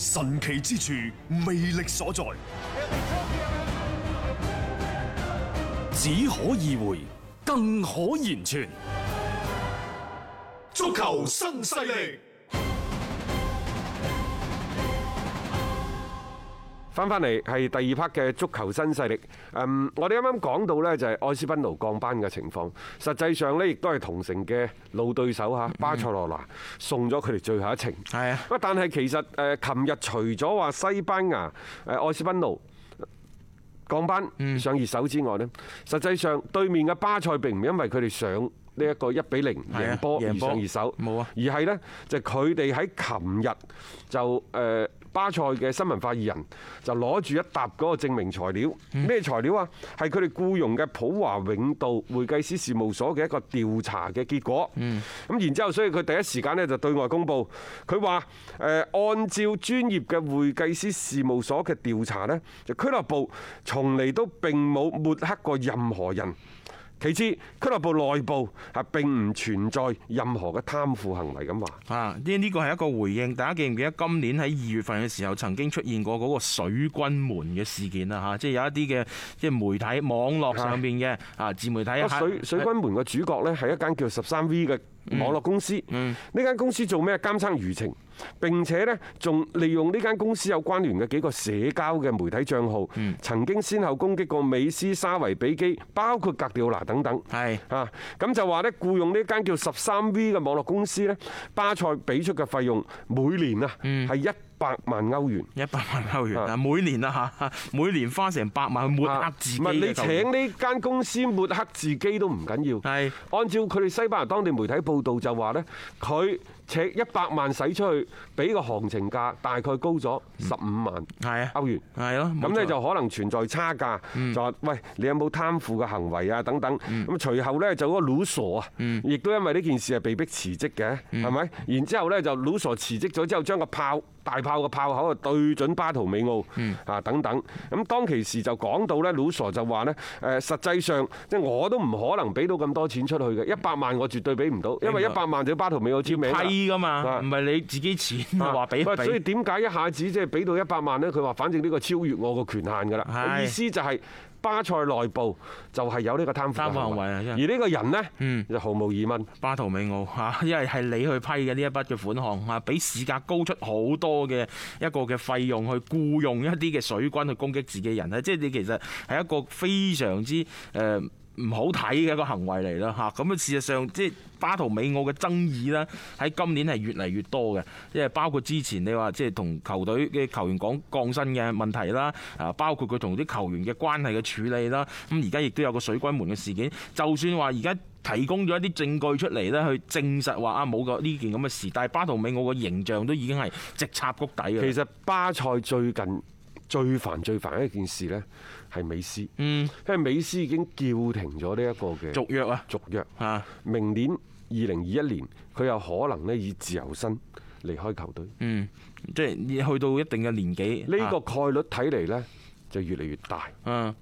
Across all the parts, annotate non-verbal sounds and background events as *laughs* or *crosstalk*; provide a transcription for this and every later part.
神奇之處，魅力所在，只可意會，更可言傳，足球新勢力。翻翻嚟係第二 part 嘅足球新勢力。嗯、um，我哋啱啱講到呢，就係愛斯賓奴降班嘅情況，實際上呢，亦都係同城嘅老對手嚇巴塞羅那送咗佢哋最後一程。係啊，但係其實誒，琴日除咗話西班牙誒愛斯賓奴降班上熱搜之外呢、嗯、實際上對面嘅巴塞並唔係因為佢哋上。呢一個一比零贏波贏波而上二手，冇啊！而係咧就佢哋喺琴日就誒巴塞嘅新聞發言人就攞住一沓嗰個證明材料，咩材料啊？係佢哋僱傭嘅普華永道會計師事務所嘅一個調查嘅結果。咁然之後，所以佢第一時間咧就對外公布，佢話誒按照專業嘅會計師事務所嘅調查咧，就俱樂部從嚟都並冇抹黑過任何人。其次，俱樂部內部係並唔存在任何嘅貪腐行為咁話。啊，呢呢個係一個回應。大家記唔記得今年喺二月份嘅時候曾經出現過嗰個水軍門嘅事件啊？嚇，即係有一啲嘅即係媒體網絡上面嘅啊，自媒體。個水水軍門嘅主角呢，係一間叫十三 V 嘅嗯、網絡公司呢間，嗯、公司做咩？監測輿情，並且呢，仲利用呢間公司有關聯嘅幾個社交嘅媒體賬號，嗯、曾經先後攻擊過美斯、沙維、比基，包括格調拿等等。係是啊，咁就話呢，僱傭呢間叫十三 V 嘅網絡公司呢，巴塞俾出嘅費用每年啊係一。嗯百萬歐元，一百萬歐元啊！每年啊嚇，每年花成百萬去抹黑自己。唔係你請呢間公司抹黑自己都唔緊要。係按照佢哋西班牙當地媒體報道就話呢，佢請一百萬使出去，比個行情價大概高咗十五萬歐元。係啊，歐元係咯，咁呢，就可能存在差價。就話喂，你有冇貪腐嘅行為啊？等等。咁、嗯、隨後呢，就嗰個 Luso 啊，亦都因為呢件事係被逼辭職嘅，係咪？嗯、然之後呢，就 Luso 辭職咗之後，將個炮。大炮嘅炮口啊，對準巴圖美奧啊等等，咁當其時就講到呢，老傻就話呢，誒實際上即係我都唔可能俾到咁多錢出去嘅，一百萬我絕對俾唔到，因為一百萬就巴圖美奧簽名啦。超批㗎嘛，唔係你自己錢話俾。所以點解一下子即係俾到一百萬呢？佢話反正呢個超越我個權限㗎啦，是的 意思就係、是。巴塞內部就係有呢個貪腐行為，而呢個人咧就、嗯、毫無疑問，巴圖美奧嚇，因為係你去批嘅呢一筆嘅款項嚇，比市價高出好多嘅一個嘅費用去僱用一啲嘅水軍去攻擊自己人咧，即係你其實係一個非常之誒，呃唔好睇嘅一個行為嚟啦，嚇！咁啊，事實上即係巴圖美奧嘅爭議呢，喺今年係越嚟越多嘅，因為包括之前你話即係同球隊嘅球員講降薪嘅問題啦，啊，包括佢同啲球員嘅關係嘅處理啦，咁而家亦都有個水軍門嘅事件。就算話而家提供咗一啲證據出嚟呢，去證實話啊冇過呢件咁嘅事，但係巴圖美奧嘅形象都已經係直插谷底嘅。其實巴塞最近，最煩最煩一件事呢，係美斯。嗯，因為美斯已經叫停咗呢一個嘅續約啊，續約啊。明年二零二一年，佢有可能呢以自由身離開球隊。嗯，即係去到一定嘅年紀，呢個概率睇嚟呢，就越嚟越大。嗯。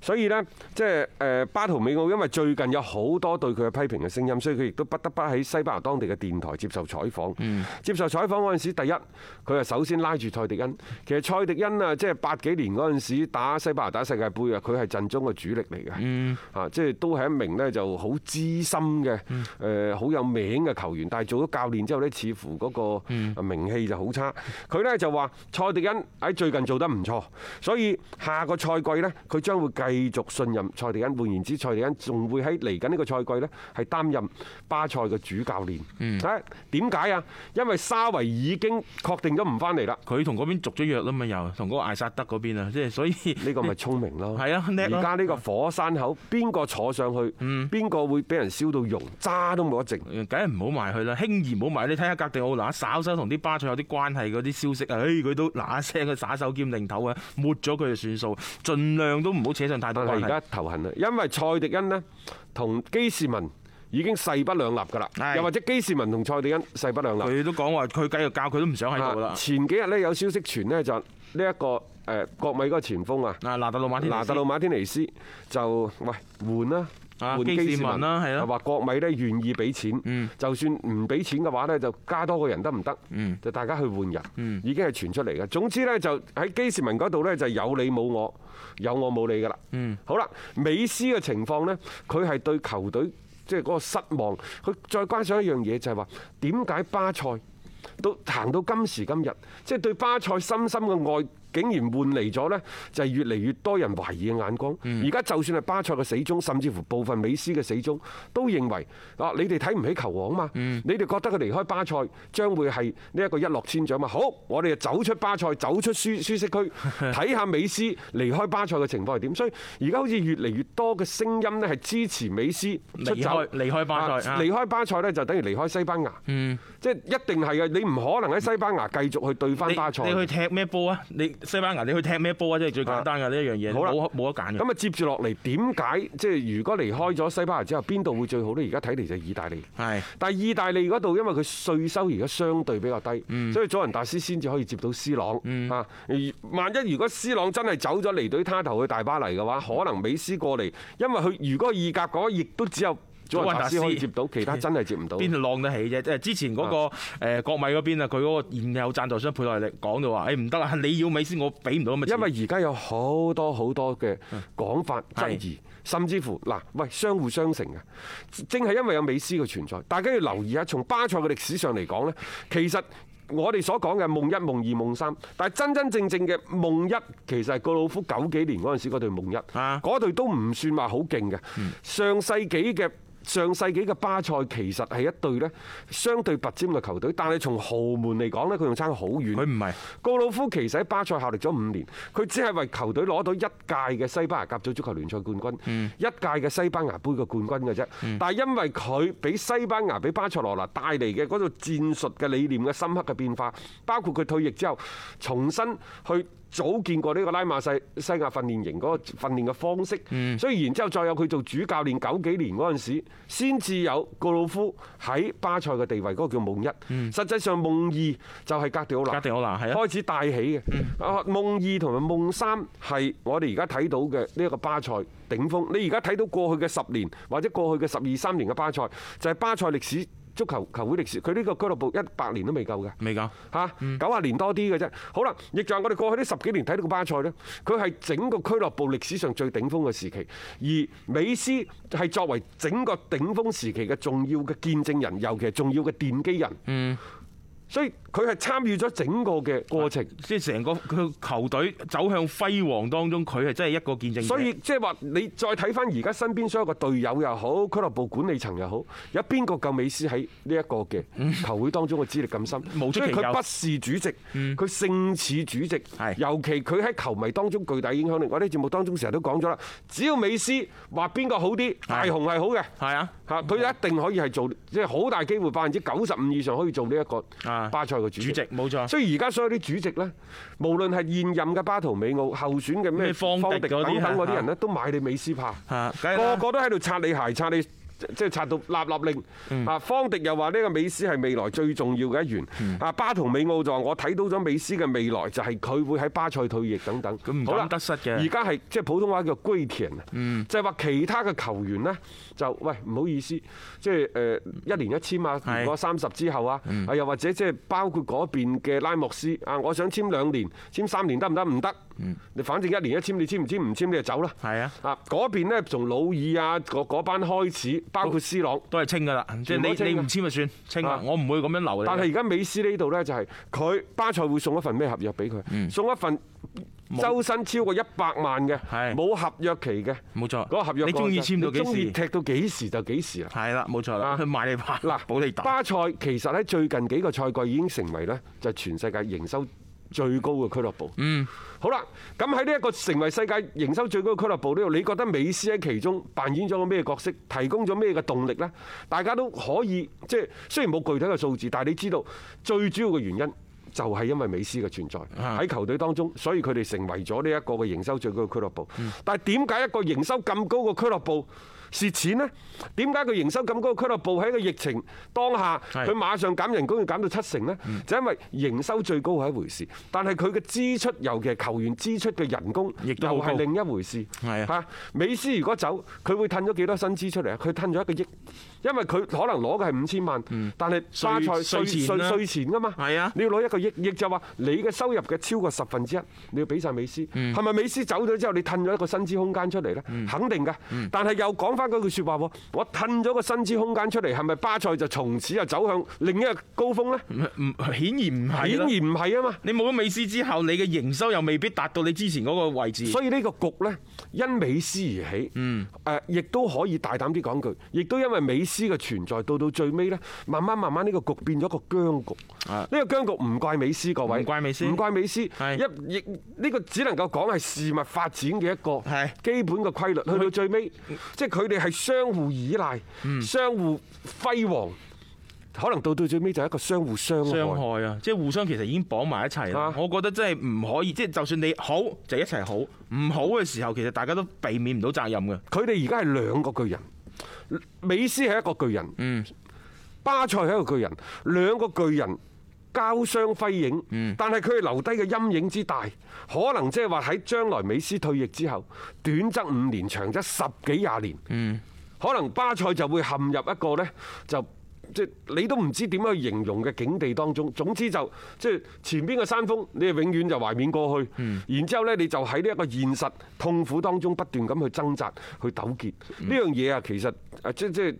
所以呢，即係巴圖美奧因為最近有好多對佢嘅批評嘅聲音，所以佢亦都不得不喺西班牙當地嘅電台接受採訪。嗯、接受採訪陣時第一佢係首先拉住蔡迪恩。其實蔡迪恩啊，即係八幾年陣時打西班牙打世界杯啊，佢係陣中嘅主力嚟嘅。啊，嗯、即係都係一名咧就好資深嘅誒好有名嘅球員，但係做咗教練之後咧，似乎嗰個名氣就好差。佢咧就話蔡迪恩喺最近做得唔錯，所以下個賽季咧佢將會繼。繼續信任塞地恩，換言之蔡、塞地恩仲會喺嚟緊呢個賽季呢係擔任巴塞嘅主教練。嚇，點解啊？因為沙維已經確定咗唔翻嚟啦。佢同嗰邊續咗約啦嘛，又同嗰個艾薩德嗰邊啊。即係所以呢個咪聰明咯。係啊，叻咯。而家呢個火山口，邊個、啊、坐上去，邊個、嗯、會俾人燒到熔渣都冇得剩，梗係唔好埋去啦。輕易唔好埋。你睇下格迪奧拿，稍稍同啲巴塞有啲關係嗰啲消息啊，誒、哎、佢都嗱一聲，佢耍手兼擰頭啊，抹咗佢就算數。儘量都唔好扯上。但係而家頭痕啦，因為蔡迪恩呢同基士文已經勢不兩立噶啦，又或者基士文同蔡迪恩勢不兩立。佢都講話，佢繼續教，佢都唔想喺度啦。前幾日呢有消息傳呢，就呢一個誒國米嗰個前鋒啊，拿特魯馬天尼斯就喂換啦。換基士文啦，係咯，話國米咧願意俾錢，嗯、就算唔俾錢嘅話咧，就加多個人得唔得？嗯、就大家去換人，嗯、已經係傳出嚟嘅。總之咧，就喺基士文嗰度咧，就有你冇我，有我冇你噶啦。嗯、好啦，美斯嘅情況咧，佢係對球隊即係嗰個失望。佢再關上一樣嘢就係話，點解巴塞都行到今時今日，即係對巴塞深深嘅愛。竟然換嚟咗呢，就係、是、越嚟越多人懷疑嘅眼光。而家就算係巴塞嘅死忠，甚至乎部分美斯嘅死忠，都認為啊，你哋睇唔起球王啊嘛。嗯、你哋覺得佢離開巴塞將會係呢一個一落千丈嘛？好，我哋就走出巴塞，走出舒舒適區，睇下美斯離開巴塞嘅情況係點。所以而家好似越嚟越多嘅聲音呢，係支持美斯出走離開巴塞，離開巴塞呢，塞就等於離開西班牙。即係、嗯、一定係啊！你唔可能喺西班牙繼續去對翻巴塞你。你去踢咩波啊？西班牙，你去踢咩波啊？即係最簡單嘅呢一樣嘢，冇冇得揀咁啊，沒接住落嚟，點解即係如果離開咗西班牙之後，邊度會最好呢？而家睇嚟就係意大利。係，是的 但係意大利嗰度因為佢稅收而家相對比較低，嗯、所以祖雲達斯先至可以接到 C 朗。啊，嗯、萬一如果 C 朗真係走咗離隊，他投去大巴黎嘅話，可能美斯過嚟，因為佢如果意甲嗰亦都只有。祖雲達斯可以接到，其他真係接唔到，邊浪得起啫？即係之前嗰個誒國米嗰邊啊，佢嗰個現有贊助商配套嚟講就話，誒唔得啦，你要美斯，我俾唔到咁。因為而家有好多好多嘅講法質疑，爭議是甚至乎嗱，喂，相互相成嘅，正係因為有美斯嘅存在。大家要留意下，從巴塞嘅歷史上嚟講呢，其實我哋所講嘅夢一、夢二、夢三，但係真真正正嘅夢一，其實係告魯夫九幾年嗰陣時嗰對夢一，嗰對都唔算話好勁嘅。嗯、上世紀嘅上世紀嘅巴塞其實係一隊咧相對拔尖嘅球隊，但係從豪門嚟講咧，佢仲差好遠。佢唔係高老夫其實喺巴塞效力咗五年，佢只係為球隊攞到一屆嘅西班牙甲組足球聯賽冠軍，嗯、一屆嘅西班牙杯嘅冠軍嘅啫。但係因為佢俾西班牙俾巴塞羅那帶嚟嘅嗰套戰術嘅理念嘅深刻嘅變化，包括佢退役之後重新去。早見過呢個拉馬西亞訓練營嗰個訓練嘅方式，所以、嗯、然之後再有佢做主教練九幾年嗰陣時，先至有哥魯夫喺巴塞嘅地位，嗰、那個叫夢一。嗯、實際上夢二就係格迪奧拿，格迪奧拿係開始帶起嘅。啊，嗯、夢二同埋夢三係我哋而家睇到嘅呢一個巴塞頂峰。你而家睇到過去嘅十年或者過去嘅十二三年嘅巴塞，就係、是、巴塞歷史。足球球會歷史，佢呢個俱樂部一百年都未夠嘅，未夠嚇，九十、啊、年多啲嘅啫。好啦，亦就係我哋過去呢十幾年睇到個巴塞呢，佢係整個俱樂部歷史上最頂峰嘅時期，而美斯係作為整個頂峰時期嘅重要嘅見證人，尤其係重要嘅奠基人。嗯所以佢係參與咗整個嘅過程，即係成個佢球隊走向輝煌當中，佢係真係一個見證。所以即係話你再睇翻而家身邊所有個隊友又好，俱樂部管理層又好，有邊個夠美斯喺呢一個嘅球會當中嘅資歷咁深？無出其右。所以佢不是主席，佢勝似主席。嗯、尤其佢喺球迷當中巨大影響力。我喺啲節目當中成日都講咗啦，只要美斯話邊個好啲，大雄係好嘅。係啊，嚇佢一定可以係做，即係好大機會百分之九十五以上可以做呢、這、一個。巴塞嘅主席，冇錯，所以而家所有啲主席咧，無論係現任嘅巴圖美奧，候選嘅咩方迪等等嗰啲人咧，都買你美斯拍，然啊、個個都喺度擦你鞋，擦你。即係刷到立立令，啊，方迪又話呢個美斯係未來最重要嘅一員，啊，巴圖美奧就話我睇到咗美斯嘅未來就係佢會喺巴塞退役等等，好難得失嘅。而家係即係普通話叫歸田啊，嗯、就係話其他嘅球員呢，就喂唔好意思，即係誒一年一簽啊，如果三十之後啊，是 又或者即係包括嗰邊嘅拉莫斯啊，我想簽兩年，簽三年得唔得？唔得。你反正一年一簽，你簽唔簽唔簽你就走啦。係啊，啊嗰邊呢從魯爾啊嗰班開始，包括 C 朗都係清㗎啦。即係你你唔簽就算清啦。我唔會咁樣留你。但係而家美斯呢度呢，就係佢巴塞會送一份咩合約俾佢？送一份周薪超過一百萬嘅，冇合約期嘅。冇錯，嗰個合約你中意簽到幾時？你踢到幾時就幾時啦。係啦，冇錯啦，佢賣你賣。嗱，冇你打。巴塞其實呢，最近幾個賽季已經成為呢，就全世界營收。最高嘅俱樂部，嗯，好啦，咁喺呢一個成為世界營收最高嘅俱樂部呢度，你覺得美斯喺其中扮演咗個咩角色，提供咗咩嘅動力呢？大家都可以即係雖然冇具體嘅數字，但係你知道最主要嘅原因就係因為美斯嘅存在喺球隊當中，所以佢哋成為咗呢一個嘅營收最高嘅俱樂部。嗯，但係點解一個營收咁高嘅俱樂部，蝕錢咧？點解佢營收咁高嘅俱樂部喺個疫情當下，佢馬上減人工要減到七成咧？就因為營收最高係一回事，但係佢嘅支出尤其係球員支出嘅人工又係另一回事。係啊，嚇！美斯如果走，佢會褪咗幾多薪資出嚟啊？佢褪咗一個億，因為佢可能攞嘅係五千萬，但係巴塞稅稅稅前㗎嘛。係啊，你要攞一個億，亦就話你嘅收入嘅超過十分之一，你要俾曬美斯。係咪美斯走咗之後，你褪咗一個薪資空間出嚟咧？肯定㗎。但係又講。翻嗰句說話，我褪咗個薪資空間出嚟，係咪巴塞就從此又走向另一個高峰咧？唔，顯然唔係，顯然唔係啊嘛！你冇咗美斯之後，你嘅營收又未必達到你之前嗰個位置。所以呢個局咧，因美斯而起。嗯，誒，亦都可以大膽啲講句，亦都因為美斯嘅存在，到到最尾咧，慢慢慢慢呢個局變咗個僵局。啊的，呢個僵局唔怪美斯，各位唔怪美斯，唔怪美斯，的一亦呢、這個只能夠講係事物發展嘅一個基本嘅規律。去到最尾，即係佢。你係相互依賴、相互輝煌，可能到到最尾就係一個相互傷害，害啊！即係互相其實已經綁埋一齊啦。啊，我覺得真係唔可以，即係就算你好就一齊好，唔好嘅時候其實大家都避免唔到責任嘅。佢哋而家係兩個巨人，美斯係一個巨人，嗯，巴塞係一個巨人，兩個巨人。交相輝映，但係佢留低嘅陰影之大，可能即係話喺將來美斯退役之後，短則五年，長則十幾廿年，可能巴塞就會陷入一個呢，就即你都唔知點樣去形容嘅境地當中。總之就即、就係、前邊嘅山峰，你永遠就懷緬過去，嗯、然之後呢，你就喺呢一個現實痛苦當中不斷咁去掙扎、去糾結呢樣嘢啊！嗯、其實即即、就係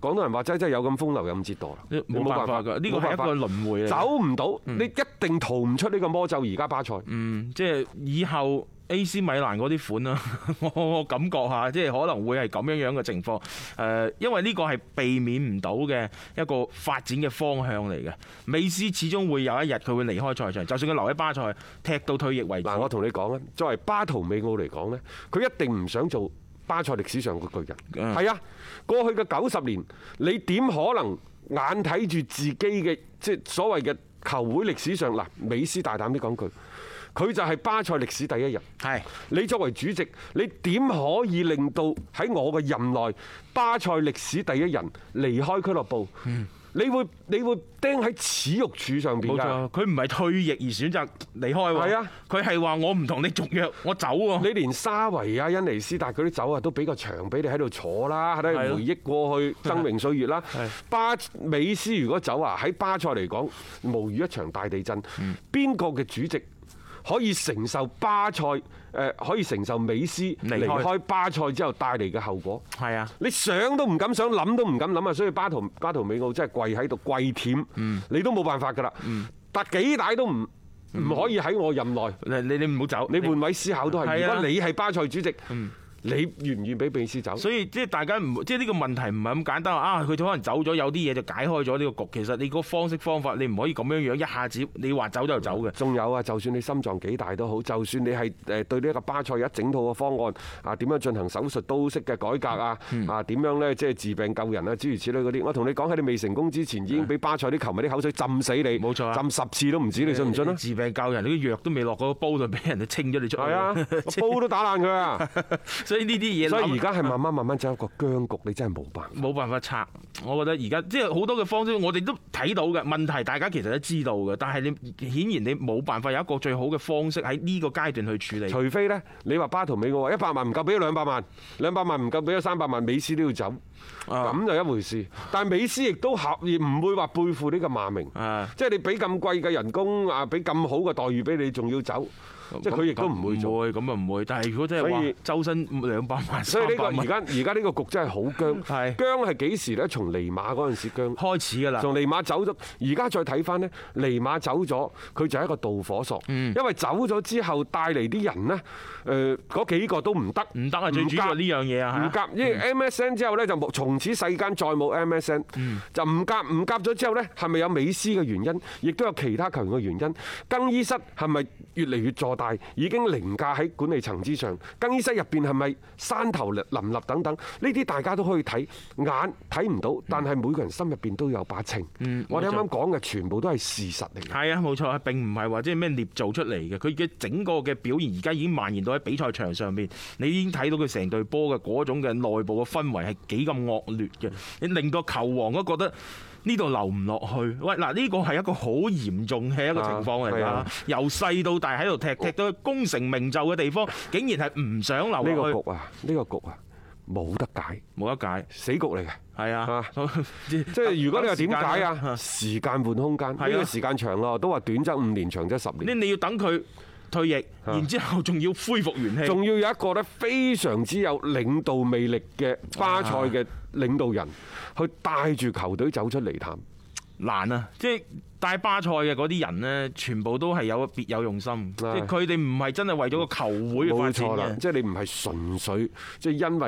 廣東人話齋，真係有咁風流，有咁折墮，冇辦法㗎，呢個係一個輪迴啊，走唔到，你一定逃唔出呢個魔咒。而家巴塞，嗯，即係以後 AC 米蘭嗰啲款啊，我我感覺嚇，即係可能會係咁樣樣嘅情況。誒，因為呢個係避免唔到嘅一個發展嘅方向嚟嘅。美斯始終會有一日佢會離開賽場，就算佢留喺巴塞踢到退役為止。嗱，我同你講啊，作為巴圖美奧嚟講呢，佢一定唔想做。巴塞歷史上個巨人，係啊，嗯，過去嘅九十年，你點可能眼睇住自己嘅即所謂嘅球會歷史上嗱？美斯大膽啲講句，佢就係巴塞歷史第一人。係，是的 你作為主席，你點可以令到喺我嘅任內，巴塞歷史第一人離開俱樂部？嗯你會你會釘喺恥辱柱上邊㗎？佢唔係退役而選擇離開喎。係啊，佢係話我唔同你續約，我走喎。你連沙維啊、恩尼斯達嗰啲走啊都俾個場俾你喺度坐啦，喺度回憶過去崢嶸歲月啦。是的，是的，巴美斯如果走啊，喺巴塞嚟講無異一場大地震。邊個嘅主席？可以承受巴塞，誒可以承受美斯離開巴塞之後帶嚟嘅後果。係啊，你想都唔敢，敢想，諗都唔敢諗啊！所以巴圖巴圖美奧真係跪喺度跪舔，你都冇辦法㗎啦。但幾大都唔唔可以喺我任內。你你你唔好走，你換位思考都係。如果你係巴塞主席。你願唔願俾美斯走？所以即係大家唔即係呢個問題唔係咁簡單啊！佢可能走咗，有啲嘢就解開咗呢個局。其實你個方式方法，你唔可以咁樣樣一下子，你話走就走嘅。仲有啊，就算你心臟幾大都好，就算你係誒對呢一個巴塞有一整套嘅方案啊，點樣進行手術刀式嘅改革啊啊，點、啊、樣呢？即係治病救人啊，諸如此類嗰啲。我同你講喺你未成功之前，已經俾巴塞啲球迷啲口水浸死你。冇錯、啊，浸十次都唔止你，呃、你信唔信治、啊、病救人，你啲藥都未落個煲度，俾人哋清咗你出去。啊，煲都打爛佢啊！所以呢啲嘢，所以而家係慢慢慢慢走一個僵局， *laughs* 你真係冇辦法。冇辦法拆，我覺得而家即係好多嘅方式我，我哋都睇到嘅問題，大家其實都知道嘅。但係你顯然你冇辦法有一個最好嘅方式喺呢個階段去處理。除非呢，你話巴圖美嘅話一百萬唔夠，俾咗兩百萬，兩百萬唔夠，俾咗三百萬，美斯都要走。咁就一回事，但係美斯亦都合意，唔會話背負呢個罵名，是的 即係你俾咁貴嘅人工啊，俾咁好嘅待遇俾你，仲要走，那即係佢亦都唔會。唔會，咁啊唔會。但係如果真係以周薪兩百萬，所以呢個而家而家呢個局真係好僵。是的 僵係幾時咧？從尼馬嗰陣時僵開始㗎啦。從尼馬走咗，而家再睇翻呢，尼馬走咗，佢就係一個導火索。因為走咗之後帶嚟啲人呢，誒嗰幾個都唔得，唔得啊！最主要呢樣嘢啊，唔夾，MSN 之後咧就冇。從此世間再冇 MSN、嗯、就唔夾唔夾咗之後呢，係咪有美斯嘅原因，亦都有其他球員嘅原因？更衣室係咪越嚟越坐大，已經凌駕喺管理層之上？更衣室入邊係咪山頭林立等等？呢啲大家都可以睇眼睇唔到，但係每個人心入邊都有把秤。嗯、我哋啱啱講嘅全部都係事實嚟。係啊、嗯，冇錯啊，並唔係話即係咩捏造出嚟嘅。佢嘅整個嘅表現而家已經蔓延到喺比賽場上面。你已經睇到佢成隊波嘅嗰種嘅內部嘅氛圍係幾咁。惡劣嘅，你令個球王都覺得呢度留唔落去。喂，嗱呢個係一個好嚴重嘅一個情況嚟㗎，由細到大喺度踢踢到功成名就嘅地方，竟然係唔想留。呢個局啊，呢個局啊，冇得解，冇得解，死局嚟嘅。係啊，即係如果你話點解啊？時間換空間，呢是的 個時間長咯，都話短則五年，長則十年。呢你要等佢。退役，然之後仲要恢復元氣，仲要有一個咧非常之有領導魅力嘅巴塞嘅領導人，哇去帶住球隊走出泥潭，難啊！即係帶巴塞嘅嗰啲人呢，全部都係有別有用心，是即係佢哋唔係真係為咗個球會嘅發展，即係你唔係純粹即係因為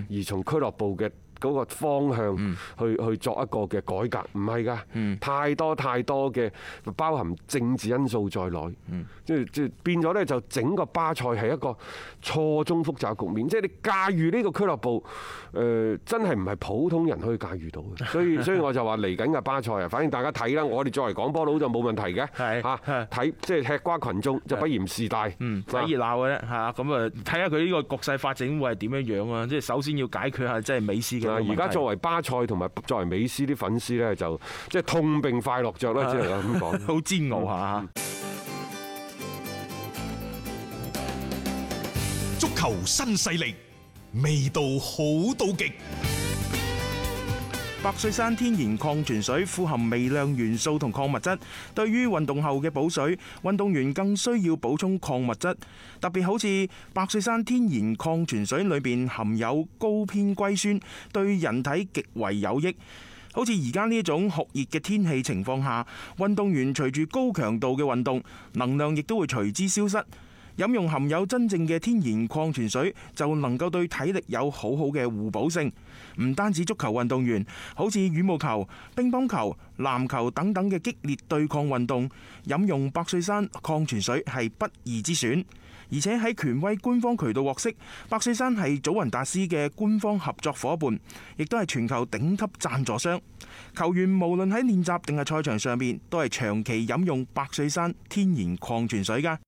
愛而從俱樂部嘅。嗰個方向去去作一個嘅改革，唔係噶，太多太多嘅包含政治因素在內，即係即係變咗咧，就整個巴塞係一個錯綜複雜局面，即係你駕馭呢個俱樂部，誒、呃、真係唔係普通人可以駕馭到嘅。所以所以我就話嚟緊嘅巴塞啊，反正大家睇啦，我哋作為廣波佬就冇問題嘅，嚇睇即係吃瓜群眾就不嫌事大，睇、嗯、熱鬧嘅啫，嚇咁啊睇下佢呢個局勢發展會係點樣樣啊！即係首先要解決下即係美斯嘅。而家作為巴塞同埋作為美斯啲粉絲咧，就即係痛並快樂着啦，只能夠咁講。好煎熬下、嗯、足球新勢力，味道好到極。百歲山天然礦泉水富含微量元素同礦物質，對於運動後嘅補水，運動員更需要補充礦物質。特別好似百歲山天然礦泉水裏邊含有高偏硅酸，對人體極為有益。好似而家呢一種酷熱嘅天氣情況下，運動員隨住高強度嘅運動，能量亦都會隨之消失。飲用含有真正嘅天然礦泉水，就能夠對體力有好好嘅互補性。唔單止足球運動員，好似羽毛球、乒乓球、籃球等等嘅激烈對抗運動，飲用百歲山礦泉水係不二之選。而且喺權威官方渠道獲悉，百歲山係祖雲達斯嘅官方合作伙伴，亦都係全球頂級贊助商。球員無論喺練習定係賽場上面，都係長期飲用百歲山天然礦泉水㗎。